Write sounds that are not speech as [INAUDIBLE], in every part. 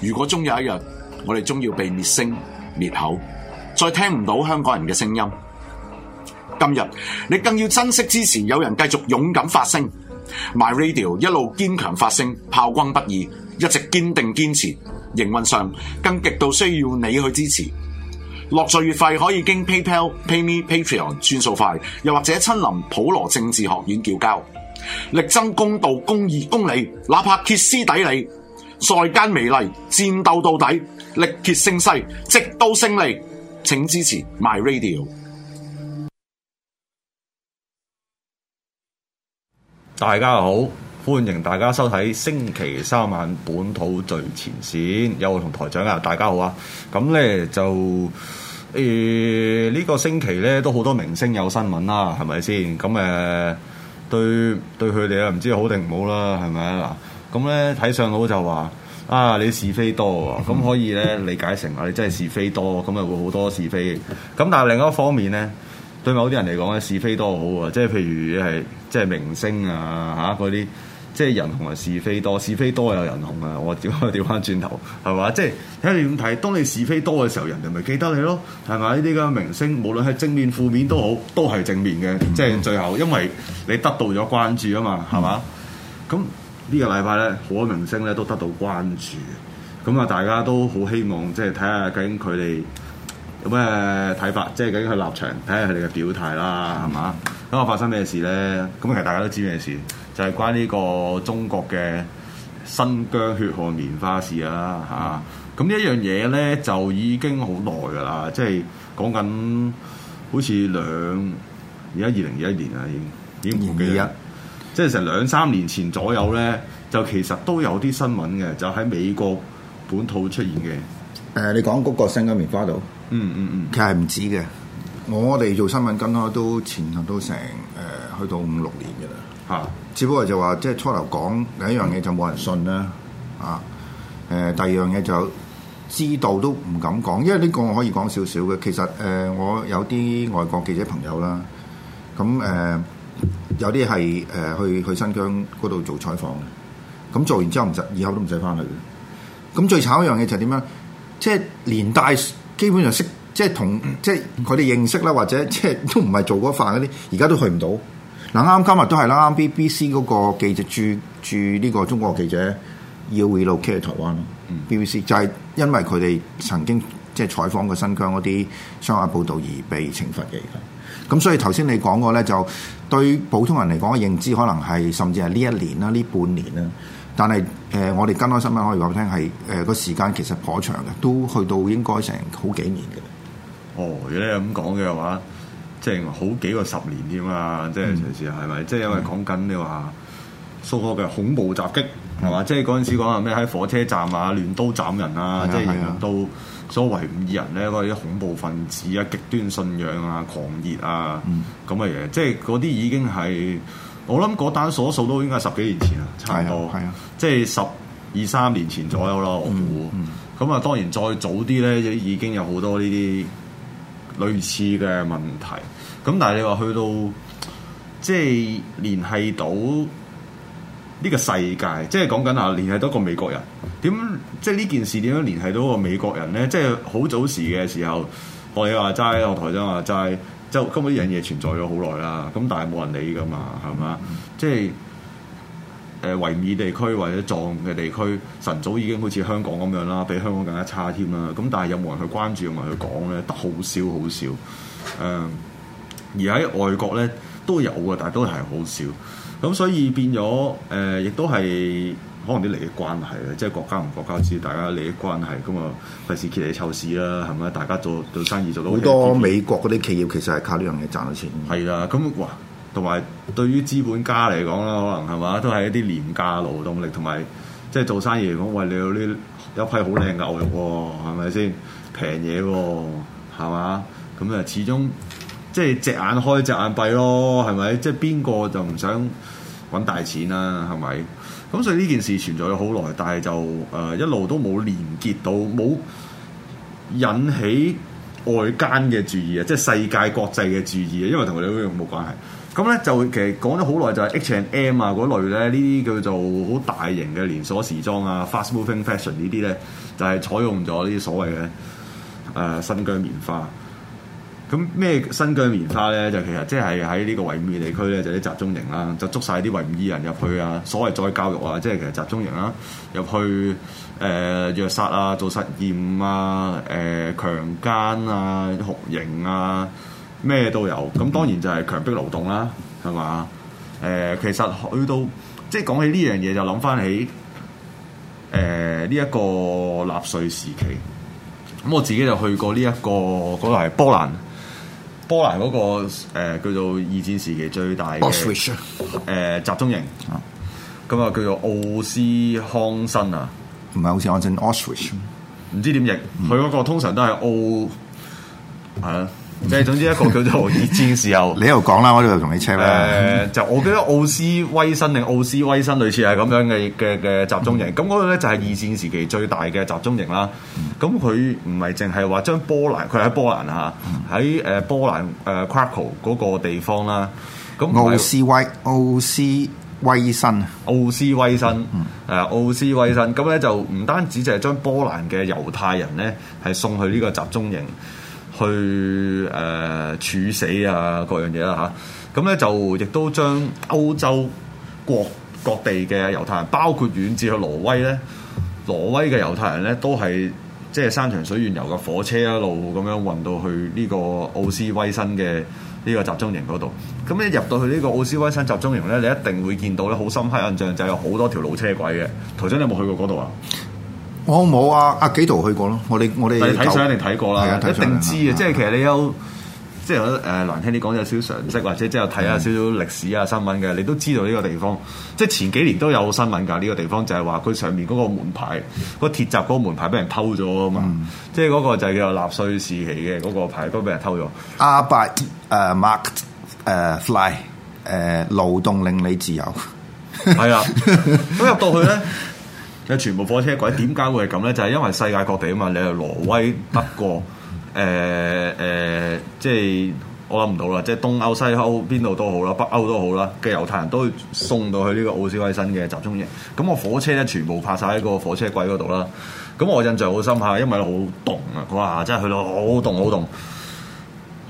如果終有一日，我哋終要被滅聲滅口，再聽唔到香港人嘅聲音。今日你更要珍惜，之前有人繼續勇敢發聲，My Radio 一路堅強發聲，炮轟不已，一直堅定堅持。營運上更極度需要你去支持。落稅月費可以經 PayPal、PayMe、Patreon y 轉數快，又或者親臨普羅政治學院叫交，力爭公道、公義、公理，公理哪怕歇斯底里。在艱美嚟，戰鬥到底，力竭勝勢，直到勝利，請支持 My Radio。大家好，歡迎大家收睇星期三晚本土最前線，有我同台長啊，大家好啊。咁呢就誒呢、呃呢個星期呢，都好多明星有新聞啦，係咪先？咁誒對對佢哋啊，唔、呃啊、知好定唔好啦、啊，係咪啊嗱？咁咧睇上好就話啊，你是非多喎，咁可以咧理解成話你真係是，是非多，咁咪會好多是非。咁但係另一方面咧，對某啲人嚟講咧，是非多好喎，即係譬如係即係明星啊嚇嗰啲，即係人紅是非多，是非多有人紅啊！我調翻調翻轉頭係嘛？即係睇你點睇。當你是非多嘅時候，人哋咪記得你咯，係咪？呢個明星無論係正面負面都好，都係正面嘅，即係、嗯、最後因為你得到咗關注啊嘛，係嘛？咁、嗯呢個禮拜咧，好多明星咧都得到關注，咁啊，大家都好希望即係睇下究竟佢哋有咩睇法，即係究竟佢立場，睇下佢哋嘅表態啦，係嘛？咁啊、嗯，發生咩事咧？咁其實大家都知咩事，就係、是、關呢個中國嘅新疆血汗棉花事啦嚇。咁、啊、呢一樣嘢咧就已經好耐㗎啦，即係講緊好似兩而家二零二一年啊，已經，已經二零二一。即係成兩三年前左右咧，就其實都有啲新聞嘅，就喺美國本土出現嘅。誒、呃，你講嗰個新疆棉花度、嗯？嗯嗯嗯，其實係唔止嘅。我哋做新聞跟開都前頭都成誒、呃，去到五六年嘅啦。嚇、啊，只不過就話即係初頭講第一樣嘢就冇人信啦。嗯、啊，誒第二樣嘢就知道都唔敢講，因為呢個我可以講少少嘅。其實誒、呃，我有啲外國記者朋友啦，咁誒。呃有啲係誒去去新疆嗰度做採訪嘅，咁做完之後唔使，以後都唔使翻去嘅。咁最慘一樣嘢就係點樣？即係連帶基本上識，即係同即係佢哋認識啦，或者即係都唔係做嗰份嗰啲，而家都去唔到。嗱啱今日都係啦，BBC 啱嗰個記者駐駐呢個中國記者要 relocate 去台灣。嗯，BBC 就係因為佢哋曾經即係採訪過新疆嗰啲相關報導而被懲罰嘅。咁所以頭先你講過咧，就對普通人嚟講嘅認知可能係甚至係呢一年啦，呢半年啦，但係誒我哋跟開新聞可以講聽係誒個時間其實頗長嘅，都去到應該成好幾年嘅。哦、嗯，如果你咁講嘅話，即係好幾個十年添啊！即係隨時係咪？即係、嗯嗯、因為講緊你話蘇格嘅恐怖襲擊係嘛、嗯？即係嗰陣時講話咩喺火車站啊，亂刀斬人啊，啊即係到。所謂維吾爾人咧，嗰啲恐怖分子啊、極端信仰啊、狂熱啊，咁嘅嘢，即係嗰啲已經係我諗嗰單所數，數都應該係十幾年前啦，差唔多，係啊、嗯，嗯、即係十二三年前左右啦，我估。咁啊、嗯，嗯、當然再早啲咧，已經有好多呢啲類似嘅問題。咁但係你話去到即係聯繫到。呢個世界即係講緊啊，聯繫到個美國人點？即係呢件事點樣聯繫到個美國人呢？即係好早時嘅時候，我哋話齋，我台長話齋，就根本呢樣嘢存在咗好耐啦。咁但係冇人理噶嘛，係嘛？即係誒維吾爾地區或者藏嘅地區，晨早已經好似香港咁樣啦，比香港更加差添啦。咁但係有冇人去關注同埋去講呢，得好少好少。少嗯、而喺外國呢，都有嘅，但係都係好少。咁所以變咗誒、呃，亦都係可能啲利益關係啊，即係國家同國家之大家利益關係，咁啊費事揭你臭屎啦，係咪？大家做做生意，做到好多美國嗰啲企業其實係靠呢樣嘢賺到錢。係啊，咁哇，同埋對於資本家嚟講啦，可能係嘛，都係一啲廉價勞動力，同埋即係做生意嚟講，喂，你有啲一批好靚牛肉喎，係咪先平嘢喎，係嘛？咁啊，始終。即係隻眼開隻眼閉咯，係咪？即係邊個就唔想揾大錢啦、啊？係咪？咁所以呢件事存在咗好耐，但係就誒、呃、一路都冇連結到，冇引起外間嘅注意啊！即係世界國際嘅注意啊！因為同佢哋冇關係。咁咧就其實講咗好耐，就係、是、H and M 啊嗰類咧，呢啲叫做好大型嘅連鎖時裝啊，fast moving fashion 呢啲咧，就係、是、採用咗呢啲所謂嘅誒新疆棉花。咁咩新疆棉花咧，就其實即係喺呢個維吾爾地區咧，就啲、是、集中營啦，就捉晒啲維吾爾人入去啊，所謂再教育啊，即、就、係、是、其實集中營啦，入去誒、呃、虐殺啊，做實驗啊，誒、呃、強姦啊，酷刑啊，咩都有。咁當然就係強迫勞動啦，係嘛？誒、呃，其實去到即係講起呢樣嘢，就諗翻起誒呢一個納粹時期。咁我自己就去過呢、這、一個嗰、那個係波蘭。波蘭嗰、那個、呃、叫做二戰時期最大嘅誒、呃、集中營，咁啊叫做奧斯康辛啊，唔係好似安辛，Oswich，唔知點譯佢嗰個，通常都係奧係啊。即係， [LAUGHS] 總之一個叫做二戰時候，你喺度講啦，我呢度同你 check 啦。誒，就我記得奧斯威辛定奧斯威辛類似係咁樣嘅嘅嘅集中營，咁嗰、嗯、個咧就係二戰時期最大嘅集中營啦。咁佢唔係淨係話將波蘭，佢係喺波蘭啊，喺誒、嗯、波蘭誒 Krakow 嗰個地方啦。咁奧斯威奧斯威辛奧斯威辛誒奧斯威辛，咁咧就唔單止就係將波蘭嘅猶太人咧係送去呢個集中營。去誒、呃、處死啊，各樣嘢啦嚇，咁、啊、咧就亦都將歐洲各各地嘅猶太人，包括遠至去挪威咧，挪威嘅猶太人咧都係即係山長水遠，由個火車一路咁樣運到去呢個奧斯威辛嘅呢個集中營嗰度。咁一入到去呢個奧斯威辛集中營咧，你一定會見到咧好深刻印象，就係有好多條老車軌嘅。頭先你有冇去過嗰度啊？我冇、哦、啊！阿幾圖去過咯，我哋我哋睇相一定睇過啦，啊、一定知啊。即係其實你有即係誒難聽啲講有少少常識，或者即係睇下少少歷史啊新聞嘅，你都知道呢個地方。即係前幾年都有新聞㗎，呢、這個地方就係話佢上面嗰個門牌、個鐵閘嗰個門牌俾人偷咗啊嘛。嗯、即係嗰個就係叫做納粹時期嘅嗰個牌都俾人偷咗。阿伯 Mark 誒 Fly 誒勞動令你自由係啊！咁入到去咧。全部火車軌點解會係咁咧？就係、是、因為世界各地啊嘛，你係挪威德國，誒、呃、誒、呃，即係我諗唔到啦，即係東歐、西歐邊度都好啦，北歐都好啦，嘅猶太人都送到去呢個奧斯威辛嘅集中營。咁我火車咧，全部泊晒喺個火車軌嗰度啦。咁我印象好深刻，因為好凍啊！哇，真係去到好凍，好凍，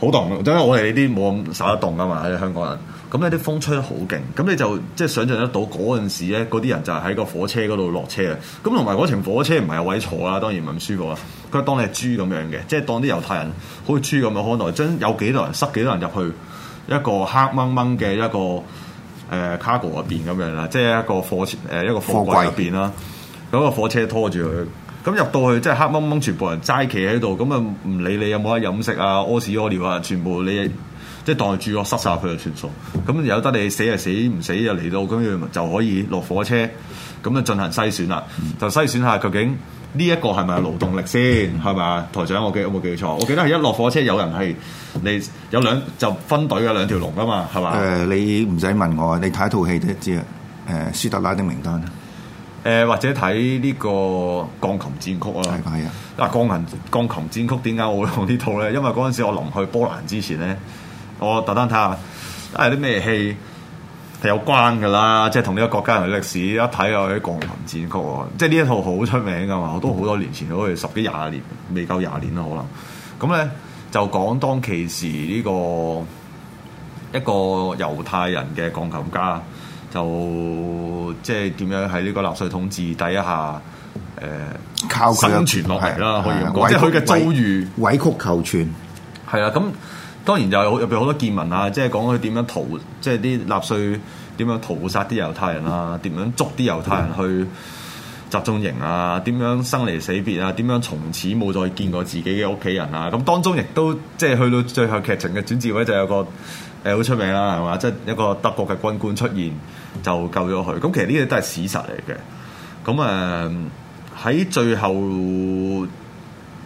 好凍！因為我哋呢啲冇咁受得凍㗎嘛，啲香港人。咁有啲風吹得好勁，咁你就即係想像得到嗰陣時咧，嗰啲人就係喺個火車嗰度落車啊！咁同埋嗰程火車唔係有位坐啦，當然唔係咁舒服啦。佢當你係豬咁樣嘅，即係當啲猶太人好似豬咁樣可能將有幾多人塞幾多人入去一個黑掹掹嘅一個誒、呃、cargo 入邊咁樣啦，即係一個貨誒、呃、一個貨櫃入邊啦。咁火櫃 個火車拖住佢。咁入到去，即係黑掹掹，全部人齋企喺度，咁啊唔理你有冇得飲食啊、屙屎屙尿啊，全部你即係袋住落塞晒佢就算數。咁有得你死就死，唔死就嚟到，咁就可以落火車，咁啊進行篩選啦。嗯、就篩選下究竟呢一個係咪勞動力先，係嘛？台長，我記我有冇記錯？我記得係一落火車有人係你有兩就分隊嘅兩條龍噶嘛，係嘛？誒、呃，你唔使問我，你睇套戲都知誒《舒、呃、特拉的名單》。誒或者睇呢個鋼琴戰曲啊，係啊！嗱鋼琴鋼琴戰曲點解我會用呢套咧？因為嗰陣時我臨去波蘭之前咧，我特登睇下啊啲咩戲係有關㗎啦，即係同呢個國家人嘅歷史一睇啊啲鋼琴戰曲喎，即係呢一套好出名㗎嘛，我都好多年前，好似十幾廿年，未夠廿年啦可能。咁咧就講當其時呢個一個猶太人嘅鋼琴家。就即係點樣喺呢個納粹統治底下，誒、呃、靠生存落嚟啦，的可以咁講，啊、即係佢嘅遭遇委，委曲求全，係啊，咁當然就入邊好多見聞啊，即係講佢點樣屠，即係啲納粹點樣屠殺啲猶太人啊，點、嗯、樣捉啲猶太人去集中營啊，點、嗯、樣生離死別啊，點樣從此冇再見過自己嘅屋企人啊，咁、嗯、當中亦都即係去到最後劇情嘅轉折位，就有個誒好出名啦，係嘛，即係一,一,一個德國嘅軍官出現。就救咗佢，咁其實呢啲都係史實嚟嘅。咁誒喺最後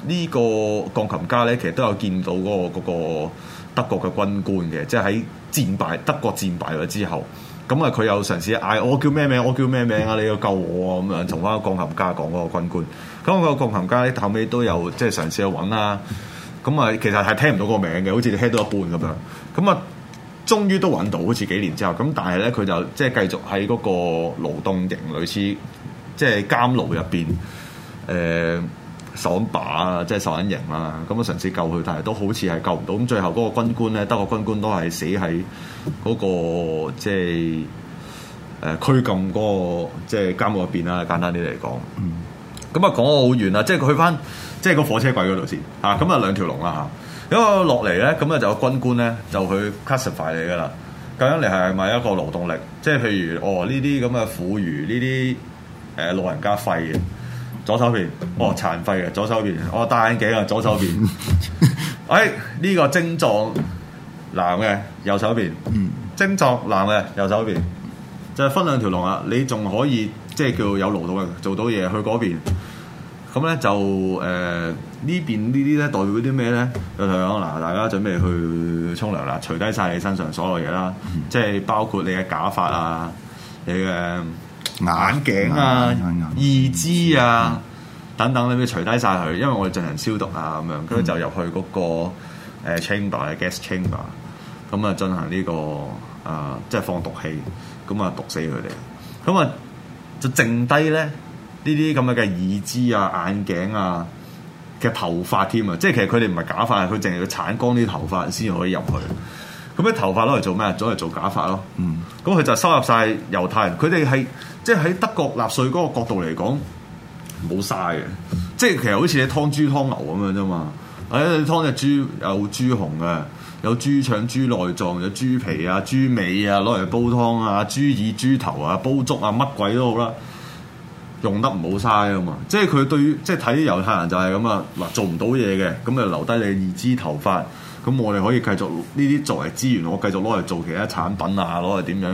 呢個鋼琴家咧，其實都有見到嗰個嗰個德國嘅軍官嘅，即係喺戰敗德國戰敗咗之後，咁啊佢又嘗試嗌我叫咩名？我叫咩名啊？你要救我啊。咁樣，同翻個鋼琴家講嗰個軍官，咁個鋼琴家後尾都有即係嘗試去揾啦。咁啊，其實係聽唔到個名嘅，好似你聽到一半咁樣。咁啊。終於都揾到，好似幾年之後咁，但係咧佢就即係繼續喺嗰個勞動營，類似即係監牢入邊，誒、呃，爽把啊，即係受緊刑啦。咁啊，嘗試救佢，但係都好似係救唔到。咁最後嗰個軍官咧，德國軍官都係死喺嗰、那個即係誒、呃、拘禁嗰個即係監獄入邊啦。簡單啲嚟講，咁啊講好遠啦，即係佢去翻即係個火車軌嗰度先嚇。咁啊兩條龍啦嚇。一個落嚟咧，咁咧就有軍官咧就去 classify 你噶啦，咁樣嚟係咪一個勞動力，即係譬如哦呢啲咁嘅婦孺呢啲誒老人家廢嘅，左手邊哦殘廢嘅左手邊，哦戴眼鏡啊左手邊，哦、手邊 [LAUGHS] 哎呢、呢個精壯男嘅右手邊，嗯、精壯男嘅右手邊，就係、分兩條龍啊！你仲可以即係叫有勞動嘅做到嘢去嗰邊。咁咧就誒、呃、呢邊呢啲咧代表啲咩咧？我同你講嗱，大家準備去沖涼啦，除低晒你身上所有嘢啦，即係、嗯、包括你嘅假髮啊、你嘅眼鏡啊、耳支啊等等，你都除低晒佢，因為我哋進行消毒啊咁樣，跟住、嗯、就入去嗰個誒 chamber gas chamber，咁啊進行呢、呢個啊即係放毒氣，咁啊毒死佢哋，咁啊就剩低咧。呢啲咁樣嘅耳機啊、眼鏡啊嘅頭髮添啊，即係其實佢哋唔係假髮，佢淨係要剷光啲頭髮先可以入去。咁啲頭髮攞嚟做咩？攞嚟做假髮咯。嗯，咁佢就收入晒猶太人。佢哋係即係喺德國納粹嗰個角度嚟講，冇嘥嘅。即係其實好似你湯豬湯牛咁樣啫嘛。湯隻豬有豬紅啊，有豬腸、豬內臟、有豬皮啊、豬尾啊，攞嚟煲湯啊、豬耳、豬頭啊、煲粥啊，乜鬼都好啦。用得唔好嘥啊嘛，即係佢對於即係睇啲猶太人就係咁啊，嗱做唔到嘢嘅，咁就留低你二支頭髮，咁我哋可以繼續呢啲作為資源，我繼續攞嚟做其他產品啊，攞嚟點樣，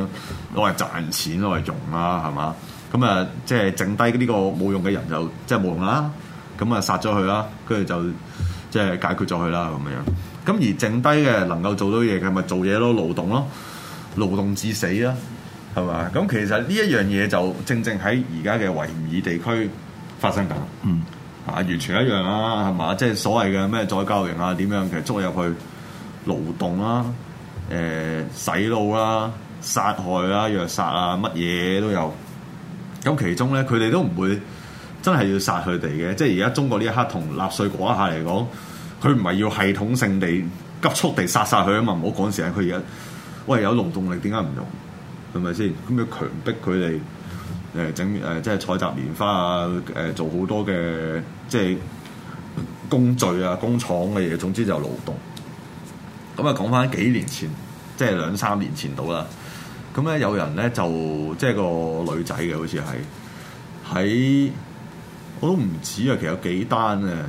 攞嚟賺錢用用，攞嚟用啊，係嘛？咁啊，即係剩低呢個冇用嘅人就即係冇用啦，咁啊殺咗佢啦，跟住就即係解決咗佢啦，咁樣。咁而剩低嘅能夠做到嘢嘅咪做嘢咯，勞動咯，勞動致死啊！係嘛咁？其實呢一樣嘢就正正喺而家嘅維吾爾地區發生緊，嚇完全一樣啦、啊，係嘛？即係所謂嘅咩再教育啊，點樣其實捉入去勞動啦、啊、誒、呃、洗腦啦、啊、殺害啦、啊、虐殺啊，乜嘢都有。咁其中咧，佢哋都唔會真係要殺佢哋嘅。即係而家中國呢一刻同納粹嗰一下嚟講，佢唔係要系統性地急速地殺殺佢啊嘛。唔好講時間，佢而家喂有勞動力，點解唔用？係咪先咁樣強迫佢哋誒整誒、呃、即係採集棉花啊？誒、呃、做好多嘅即係工序啊、工廠嘅嘢，總之就勞動。咁、嗯、啊，講翻幾年前，即係兩三年前度啦。咁、嗯、咧，有人咧就即係個女仔嘅，好似係喺，我都唔止啊，其實有幾單啊、呃，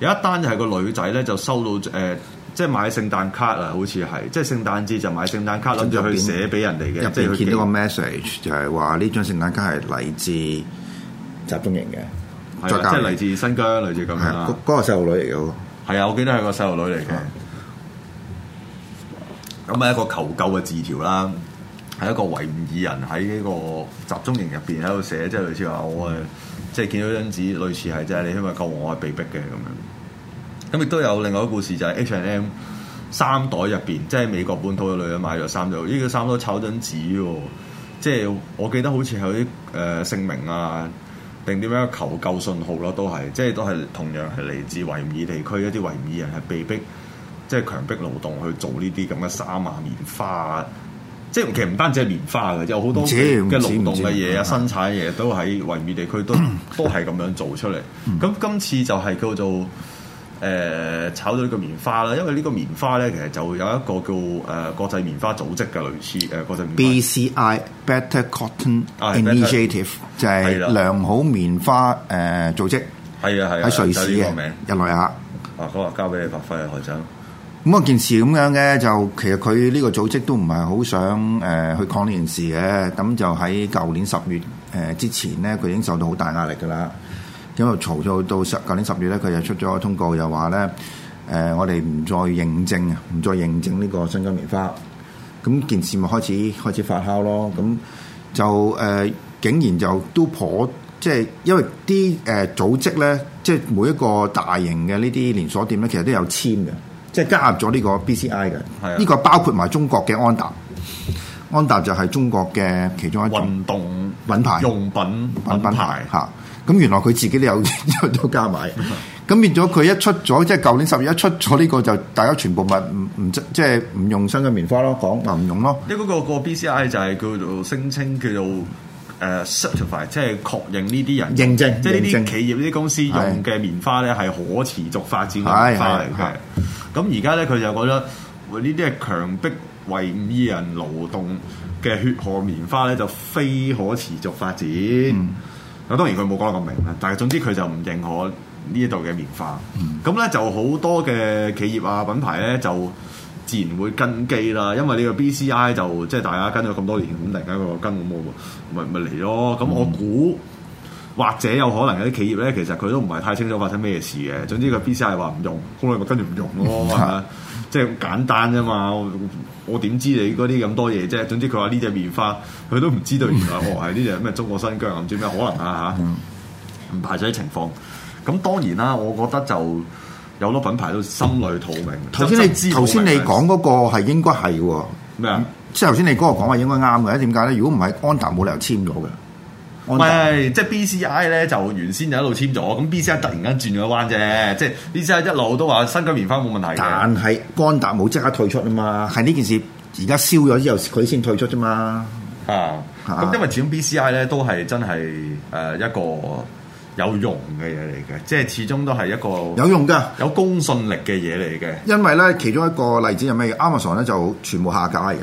有一單就係個女仔咧，就收到誒。呃即係買聖誕卡啊，好似係，即係聖誕節就買聖誕卡，諗住去寫俾人哋嘅。入邊裏面 見到個 message 就係話呢張聖誕卡係嚟自集中營嘅，的即係嚟自新疆，類似咁樣啦。嗰的個細路女嚟嘅喎。係啊，我記得係個細路女嚟嘅。咁啊的，一個求救嘅字條啦，係一個維吾爾人喺呢個集中營入邊喺度寫，即係類似話我誒，即係見到張紙，類似係即係你因為救我，我係被逼嘅咁樣。咁亦都有另外一個故事，就係、是、H and M 衫袋入邊，即係美國本土嘅女人買咗衫袋，呢個衫袋抄緊紙喎，即係我記得好似有啲誒、呃、姓名啊，定點樣求救信號咯、啊，都係，即係都係同樣係嚟自維吾爾地區一啲維吾爾人係被逼即係強迫勞動去做呢啲咁嘅衫嘛棉花，即係其實唔單止係棉花嘅，有好多嘅勞動嘅嘢啊，生產嘅嘢都喺維吾爾地區都、嗯、都係咁樣做出嚟。咁今、嗯、次就係叫做。誒、嗯、炒到呢個棉花啦，因為呢個棉花咧，其實就有一個叫誒、呃、國際棉花組織嘅，類似誒、呃、國際棉花 B C I Better Cotton Initiative、啊、etter，就係良好棉花誒、呃、組織。係啊係啊，喺瑞士嘅日內瓦嚟啊，好啊，交俾你發揮啊，何生。咁啊，件事咁樣嘅，就其實佢呢個組織都唔係好想誒、呃、去抗呢件事嘅，咁就喺舊年十月誒之前咧，佢、呃、已經受到好大壓力㗎啦。因為嘈咗到十，舊年十月咧，佢就出咗個通告呢，又話咧，誒，我哋唔再認證，唔再認證呢個新疆棉花。咁件事咪開始開始發酵咯。咁就誒、呃，竟然就都頗，即係因為啲誒、呃、組織咧，即係每一個大型嘅呢啲連鎖店咧，其實都有簽嘅，即係加入咗呢個 BCI 嘅。係啊的，呢個包括埋中國嘅安踏。安踏就係中國嘅其中一個運動品牌用品品牌嚇。品牌咁原來佢自己都有都 [LAUGHS] 加埋。咁變咗佢一出咗，即係舊年十月一出咗呢個就大家全部咪唔唔即即唔用新疆棉花咯，講咪唔用咯。即係嗰個，個 B C I 就係叫做聲稱叫做誒 certified 即係確認呢啲人認證，即係呢啲企業呢啲證公司用嘅棉花咧係可持續發展棉花嚟嘅。咁而家咧佢就覺得呢啲係強迫維吾爾人勞動嘅血汗棉花咧就非可持續發展。嗯咁當然佢冇講得咁明啦，但係總之佢就唔認可呢度嘅棉花，咁咧、嗯、就好多嘅企業啊品牌咧就自然會跟機啦，因為呢個 B C I 就即係大家跟咗咁多年，咁突然間佢跟唔好喎，咪咪嚟咯。咁我估或者有可能有啲企業咧，其實佢都唔係太清楚發生咩事嘅。總之個 B C I 話唔用，咁你咪跟住唔用咯，嗯嗯嗯即係簡單啫嘛，我點知你嗰啲咁多嘢啫？總之佢話呢隻棉花，佢都唔知道原來我係呢隻咩中國新疆，唔 [LAUGHS] 知咩可能啊嚇，唔、啊嗯、排除啲情況。咁當然啦，我覺得就有好多品牌都心裏肚明。頭先你知，頭先你講嗰個係應該係嘅咩啊？麼即係頭先你嗰個講話應該啱嘅，點解咧？如果唔係安踏冇理由簽咗嘅。唔係，即係 B C I 咧就原先就一路簽咗，咁 B C I 突然間轉咗彎啫，嗯、即係 B C I 一路都話新疆棉花冇問題，但係安達冇即刻退出啊嘛，係呢件事而家燒咗之後佢先退出啫嘛。啊，咁、啊、因為始終 B C I 咧都係真係誒一個有用嘅嘢嚟嘅，即係始終都係一個有用㗎，有公信力嘅嘢嚟嘅。因為咧其中一個例子係咩？Amazon 咧就全部下架而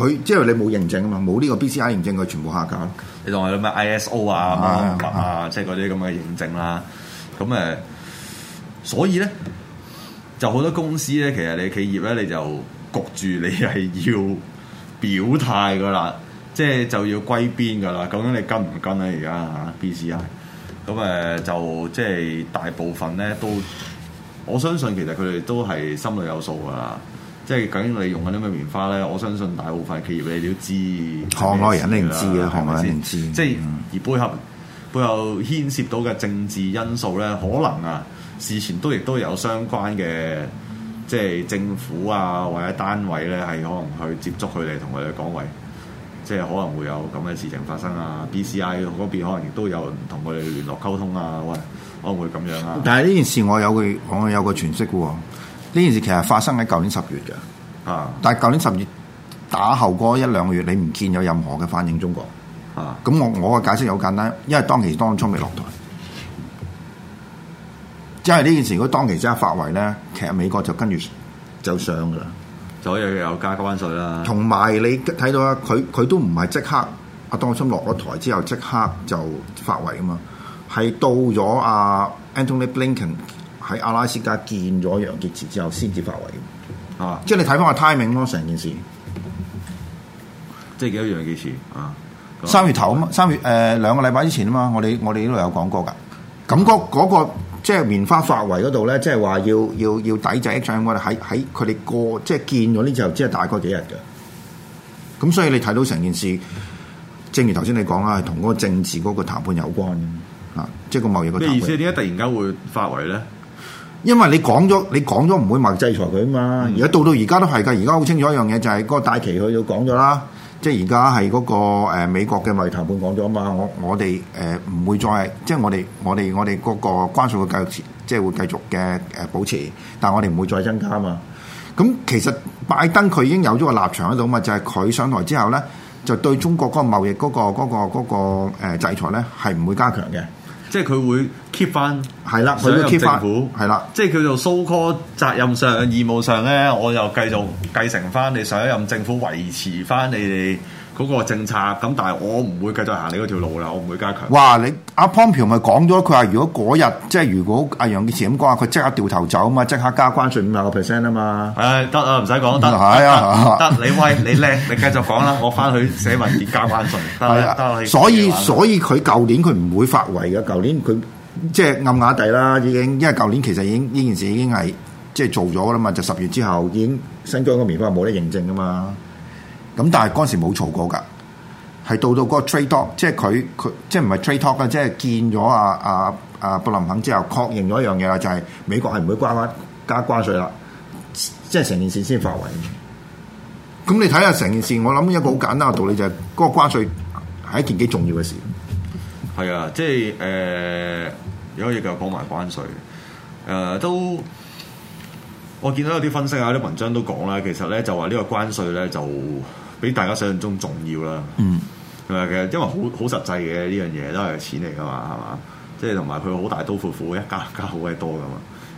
佢即係你冇認證啊嘛，冇呢個 BCI 認證，佢全部下架你仲話啲咩 ISO 啊、啊，即係嗰啲咁嘅認證啦、啊。咁誒，所以咧就好多公司咧，其實你企業咧，你就焗住你係要表態噶啦，即、就、係、是、就要歸邊噶啦。究竟你跟唔跟咧、啊？而家嚇 BCI，咁誒就即係、就是、大部分咧都，我相信其實佢哋都係心裏有數噶啦。即係究竟你用緊啲咩棉花咧？我相信大部分企業你都知，行內人肯定知嘅，係咪先？即係而背後背後牽涉到嘅政治因素咧，可能啊事前都亦都有相關嘅，即係政府啊或者單位咧係可能去接觸佢哋，同佢哋講話，即係可能會有咁嘅事情發生啊。BCI 嗰邊可能亦都有人同佢哋聯絡溝通啊，喂，可能會咁樣啊？但係呢件事我有個我有個詮釋嘅喎。呢件事其實發生喺舊年十月嘅，啊！但係舊年十月打後嗰一兩個月，你唔見有任何嘅反應中國，啊！咁我我嘅解釋好簡單，因為當其時當初未落台，即係呢件事如果當其時即刻發圍咧，其實美國就跟住就上噶啦，就可以有加關稅啦。同埋你睇到啦，佢佢都唔係即刻阿當初落咗台之後即刻就發圍啊嘛，係到咗阿 Anthony Blinken。喺阿拉斯加見咗楊潔篪之後，先至發圍啊！即係你睇翻個 timing 咯，成件事。即係幾多楊潔篪啊？三月頭啊嘛，是三月誒兩、呃、個禮拜之前啊嘛，我哋我哋呢度有講過噶。咁嗰嗰個即係棉花發圍嗰度咧，即係話要要要抵制 H&M 喺喺佢哋過即係見咗呢之後，即係大概幾日嘅。咁所以你睇到成件事，正如頭先你講啦，係同嗰個政治嗰個談判有關啊，即係個貿易個。咩意思？點解突然間會發圍咧？因為你講咗，你講咗唔會貿易制裁佢啊嘛！而家到到而家都係㗎，而家好清楚一樣嘢就係、是、嗰個戴琪，佢都講咗啦，即係而家係嗰個美國嘅貿易談判佢講咗啊嘛！我我哋誒唔會再即係我哋我哋我哋嗰個關稅會繼續即係會繼續嘅誒保持，但係我哋唔會再增加啊嘛！咁、嗯、其實拜登佢已經有咗個立場喺度啊嘛，就係、是、佢上台之後咧，就對中國嗰個貿易嗰、嗰個嗰、嗰個嗰個制裁咧係唔會加強嘅。即係佢會 keep 翻的，係啦。佢嘅政府係啦，即係叫做 so call 責任上、的義務上咧，我又繼續繼承翻你上一任政府維持翻你哋。嗰個政策咁，但係我唔會繼續行你嗰條路啦，我唔會加強。哇！你阿 Pompeo 咪講咗？佢話如果嗰日即係如果阿楊潔篪咁講啊，佢即刻掉頭走啊嘛，即刻加關稅五十個 percent 啊嘛。唉，得啊，唔使講得，得你威你叻，你繼續講啦，我翻去寫文件加關稅。係啊，所以所以佢舊年佢唔會發圍嘅，舊年佢即係暗啞底啦，已經因為舊年其實已經呢件事已經係即係做咗啦嘛，就十月之後已經新疆嗰棉花冇得認證啊嘛。咁但係嗰時冇吵過噶，係到到嗰個 trade talk，即係佢佢即係唔係 trade talk 啊，即係見咗阿阿阿布林肯之後，確認咗一樣嘢啦，就係、是、美國係唔會關關加關稅啦，即係成件事先發圍。咁、嗯、你睇下成件事，我諗一個好簡單嘅道理就係，嗰個關稅係一件幾重要嘅事。係 [LAUGHS] 啊，即係誒，有嘢就講埋關稅。誒、呃，都我見到有啲分析啊，有啲文章都講啦，其實咧就話呢個關稅咧就。比大家想象中重要啦，同埋、嗯、其實因為好好實際嘅呢樣嘢都係錢嚟噶嘛，係嘛？即係同埋佢好大刀闊斧，斧，一家一家好鬼多噶嘛。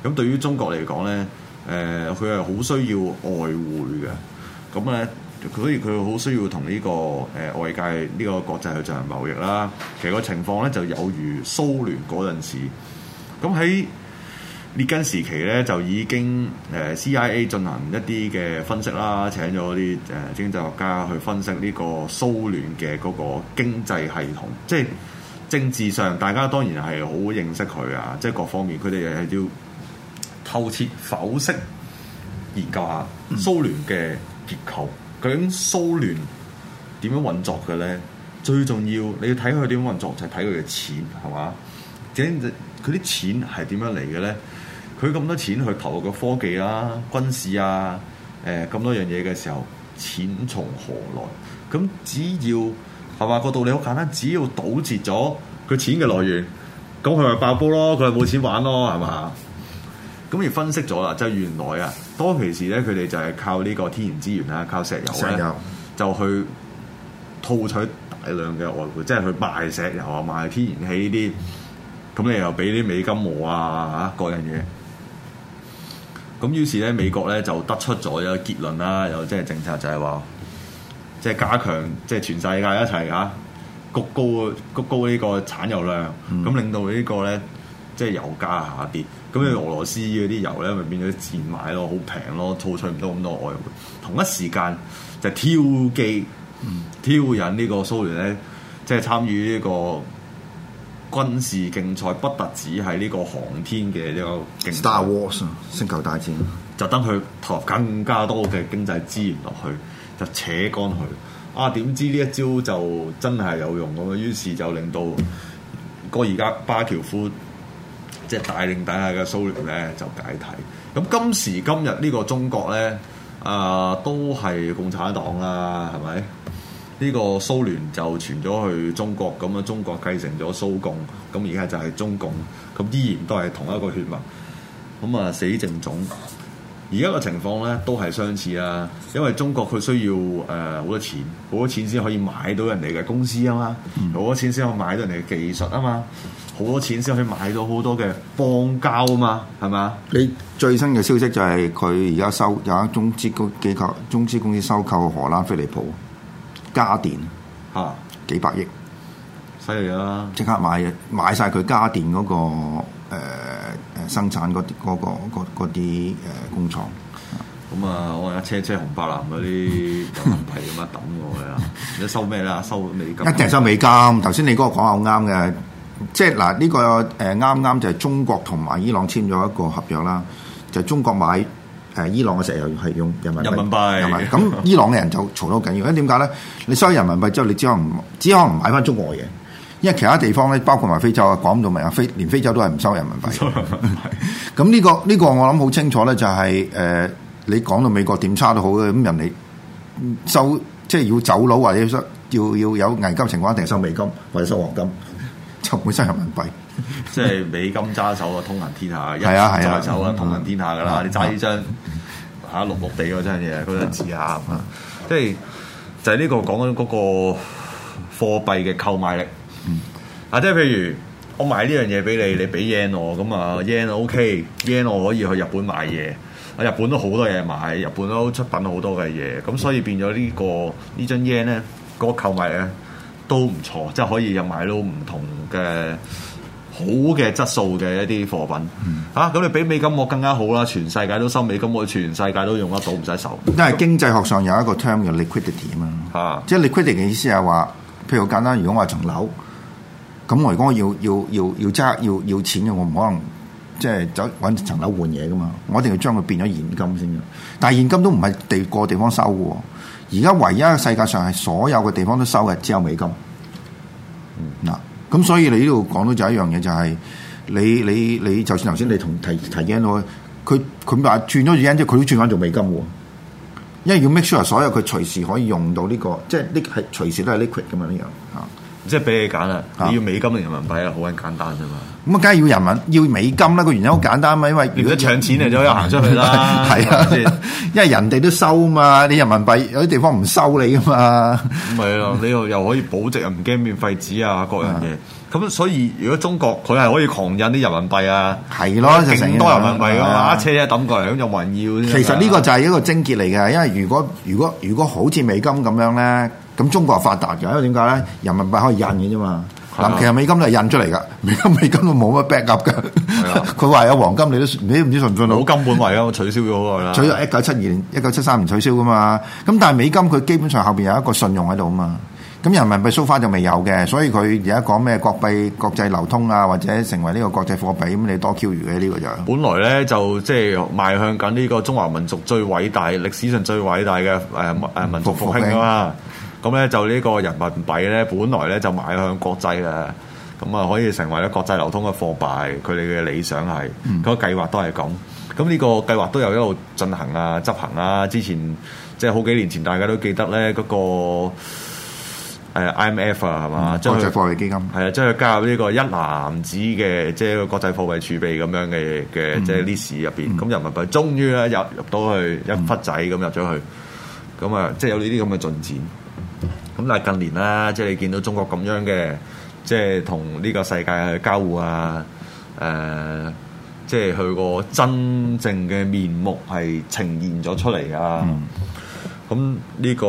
咁對於中國嚟講咧，誒佢係好需要外匯嘅，咁咧，所以佢好需要同呢、呢個誒、呃、外界呢、呢個國際去進行貿易啦。其實個情況咧就有如蘇聯嗰陣時，咁喺，列根時期咧就已經誒、呃、CIA 進行一啲嘅分析啦，請咗啲誒經濟學家去分析呢個蘇聯嘅嗰個經濟系統，即係政治上大家當然係好認識佢啊，即係各方面佢哋係要透徹剖析研究下蘇聯嘅結構，嗯、究竟蘇聯點樣運作嘅咧？最重要你要睇佢點樣運作，就係睇佢嘅錢係嘛？整佢啲錢係點樣嚟嘅咧？佢咁多錢去投入個科技啊、軍事啊、誒、欸、咁多樣嘢嘅時候，錢從何來？咁只要係嘛個道理好簡單，只要堵截咗佢錢嘅來源，咁佢咪爆煲咯，佢咪冇錢玩咯，係嘛？咁而分析咗啦，即係原來啊，當其時咧，佢哋就係靠呢個天然資源啦，靠石油咧，石油就去套取大量嘅外匯，即係去賣石油啊、賣天然氣呢啲，咁你又俾啲美金、啊、俄啊嚇各樣嘢。咁於是咧，美國咧就得出咗一個結論啦，又即係政策就係話，即、就、係、是、加強，即、就、係、是、全世界一齊嚇，谷高谷高呢個產油量，咁、嗯、令到呢、這個咧，即、就、係、是、油價下跌，咁你、嗯、俄羅斯嗰啲油咧，咪變咗賤賣咯，好平咯，套取唔到咁多外匯。同一時間就挑機、嗯、挑引呢個蘇聯咧，即、就、係、是、參與呢、這個。軍事競賽不特止係呢個航天嘅一個《Star Wars》星球大戰，就等佢投入更加多嘅經濟資源落去，就扯乾佢。啊，點知呢一招就真係有用咁啊！於是就令到戈爾巴喬夫即係帶領底下嘅蘇聯咧就解體。咁今時今日呢個中國咧啊、呃，都係共產黨啦，係咪？呢個蘇聯就傳咗去中國咁啊，中國繼承咗蘇共咁，而家就係中共咁，依然都係同一個血脈咁啊。死正種而家嘅情況咧，都係相似啊。因為中國佢需要誒好、呃、多錢，好多錢先可以買到人哋嘅公司啊嘛，好、嗯、多錢先可以買到人哋嘅技術啊嘛，好多錢先可以買到好多嘅邦交啊嘛，係咪？你最新嘅消息就係佢而家收有一中資公機，中資公司收購荷蘭飛利浦。家電嚇幾百億，犀利啦！即刻買買晒佢家電嗰、嗰個誒、呃、生產嗰啲嗰工廠。咁、嗯、啊，我一車車紅白藍嗰啲人民幣咁樣抌我啊！你 [LAUGHS] 收咩啦？收美金，一定收美金。頭先你嗰個講好啱嘅，即係嗱呢個誒啱啱就係中國同埋伊朗簽咗一個合約啦，就係、中國買。係、啊、伊朗嘅石油係用人民幣，係咪？咁伊朗嘅人就嘈得好緊要，因為點解咧？你收人民幣之後，你只可能只可能買翻中國嘢，因為其他地方咧，包括埋非洲啊、講唔到咪啊，非連非洲都係唔收，收人民幣。咁呢、 [LAUGHS] 呢個呢、呢個我諗好清楚咧，就係、是、誒、呃、你講到美國點差都好嘅，咁人哋收，即係要走佬或者要要要有危急情況，一定收美金或者收黃金。就本身係人民幣， [LAUGHS] 即係美金揸手啊，通行天下。係啊，係揸手啊，通行天下噶啦。你揸呢張嚇綠綠地個真嘢嗰張紙啊，即係就係呢個講緊嗰個貨幣嘅購買力。啊、嗯，即係譬如我買呢樣嘢俾你，你俾 yen 我，咁啊 yen OK，yen 我可以去日本買嘢。啊，日本都好多嘢買，日本都出品好多嘅嘢。咁所以變咗、這個、呢個呢張 yen 咧，嗰、那個購買啊。都唔錯，即係可以又買到唔同嘅好嘅質素嘅一啲貨品嚇。咁、嗯啊、你比美金我更加好啦，全世界都收美金我，我全世界都用得到，唔使愁。因為經濟學上有一個 term 叫 liquidity 嘛啊，即係 liquidity 嘅意思係話，譬如好簡單，如果我係層樓，咁我如果要要要要揸要要錢嘅，我唔可能即係走揾層樓換嘢噶嘛，我一定要將佢變咗現金先，但係現金都唔係地個地方收喎。而家唯一世界上係所有嘅地方都收嘅，只有美金。嗱、嗯，咁、嗯、所以你呢度講到就一樣嘢，就係你你你，就算頭先你同提提緊佢佢話轉咗 yen 之後，佢都轉翻做美金喎。因為要 make sure 所有佢隨時可以用到呢、呢個，即係呢係隨時都係 liquid 㗎嘛呢樣。啊，即係俾你揀啦，啊、你要美金嘅人民幣啊，好撚簡單啫嘛。咁啊，梗係要人民要美金啦！個原因好簡單啊，因為如果搶錢你就可以行出去啦，係啊，因為人哋都收啊嘛，你人民幣有啲地方唔收你啊嘛，唔係啊，你又又可以保值又唔驚免廢紙啊，各樣嘢。咁所以如果中國佢係可以狂印啲人民幣啊，係咯，就成多人民幣啊嘛，車車抌佢，咁就冇人要。其實呢個就係一個症結嚟嘅，因為如果如果如果好似美金咁樣咧，咁中國係發達嘅，因為點解咧？人民幣可以印嘅啫嘛。嗱，其實美金都係印出嚟噶，美金美金都冇乜 back up 噶。佢話有黃金，你都你都唔知信唔信咯。冇金本位啊，取消咗好耐啦。取消一九七二年、一九七三年取消噶嘛。咁但係美金佢基本上後邊有一個信用喺度啊嘛。咁人民幣 so far 就未有嘅，所以佢而家講咩國幣國際流通啊，或者成為呢個國際貨幣，咁你多 Q 餘嘅呢個就。本來咧就即係邁向緊呢個中華民族最偉大歷史上最偉大嘅誒誒民族復興啊嘛。咁咧就呢個人民幣咧，本來咧就賣向國際啦，咁啊可以成為咧國際流通嘅貨幣。佢哋嘅理想係、嗯、個計劃都係咁。咁呢個計劃都有一路進行啊，執行啦。之前即係、就是、好幾年前，大家都記得咧、那、嗰個 IMF 啊，係嘛、嗯、國際貨幣基金係啊，即係、就是、加入呢個一籃子嘅即係國際貨幣儲備咁樣嘅嘅即係 list 入邊。咁、嗯嗯、人民幣終於咧入入，入到去一忽仔咁入咗去，咁啊、嗯、即係有呢啲咁嘅進展。咁但係近年啦，即係你見到中國咁樣嘅，即係同呢個世界去交互啊，誒，即係佢個真正嘅面目係呈現咗出嚟啊。咁呢個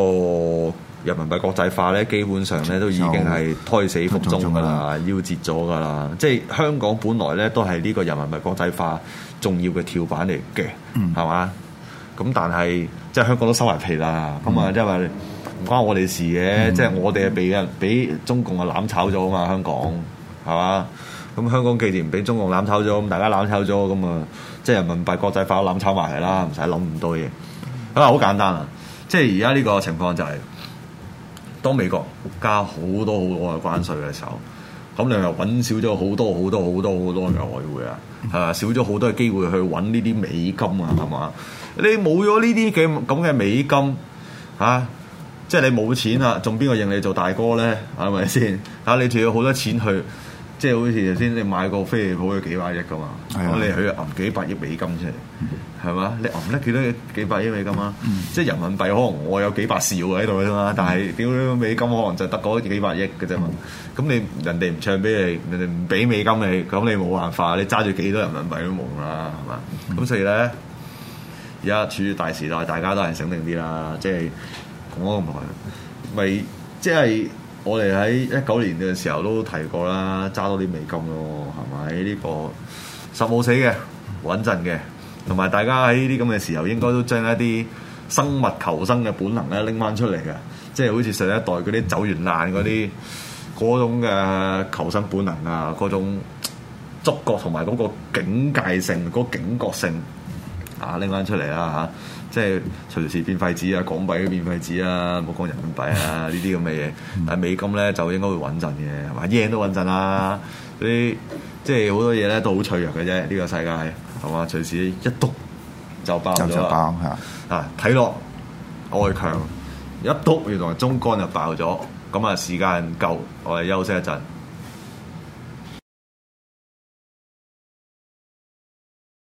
人民幣國際化咧，基本上咧都已經係胎死腹中㗎啦，夭折咗㗎啦。即係香港本來咧都係呢個人民幣國際化重要嘅跳板嚟嘅，係嘛？咁但係即係香港都收埋皮啦，咁啊，因為。唔關我哋事嘅，嗯、即係我哋啊俾人俾中共啊攬炒咗啊嘛。香港係嘛？咁香港既然唔俾中共攬炒咗，咁大家攬炒咗咁啊，即係人民幣國際化攬炒埋啦，唔使諗咁多嘢。咁啊，好簡單啊，即係而家呢個情況就係、是、當美國加好多好多嘅關稅嘅時候，咁你又揾少咗好多好多好多好多嘅外匯啊，係嘛，少咗好多嘅機會去揾呢啲美金啊，係嘛，你冇咗呢啲嘅咁嘅美金啊。即係你冇錢啊，仲邊個認你做大哥咧？係咪先？嚇！你仲要好多錢去，即係好似頭先你買個飛利浦要幾百億噶嘛？咁係啊，你去揞幾百億美金出嚟，係嘛？你揞得幾多幾百億美金啊？嗯、即係人民幣可能我有幾百兆喺度啫嘛，但係點樣美金可能就得嗰幾百億嘅啫嘛。咁你人哋唔唱俾你，人哋唔俾美金你，咁你冇辦法，你揸住幾多人民幣都冇啦，係嘛？咁、嗯、所以咧，而家處於大時代，大家都係醒定啲啦，即係。講咁耐，咪即係我哋喺一九年嘅時候都提過啦，揸多啲美金咯，係咪呢個實冇死嘅、穩陣嘅，同埋大家喺呢啲咁嘅時候應該都將一啲生物求生嘅本能咧拎翻出嚟嘅，即係好似上一代嗰啲走完難嗰啲嗰種嘅求生本能啊，嗰種觸覺同埋嗰個警戒性、嗰、嗰個、警覺性啊，拎翻出嚟啦嚇！啊即係隨時變廢紙啊，港幣都變廢紙啊，唔好講人民幣啊，呢啲咁嘅嘢。但係美金咧就應該會穩陣嘅，係嘛 yen 都穩陣啦。啲，即係好多嘢咧都好脆弱嘅啫，呢、呢個世界係嘛？隨時一篤就爆咗啦。啊，睇落外強一篤，原來中乾就爆咗。咁啊，時間夠，我哋休息一陣。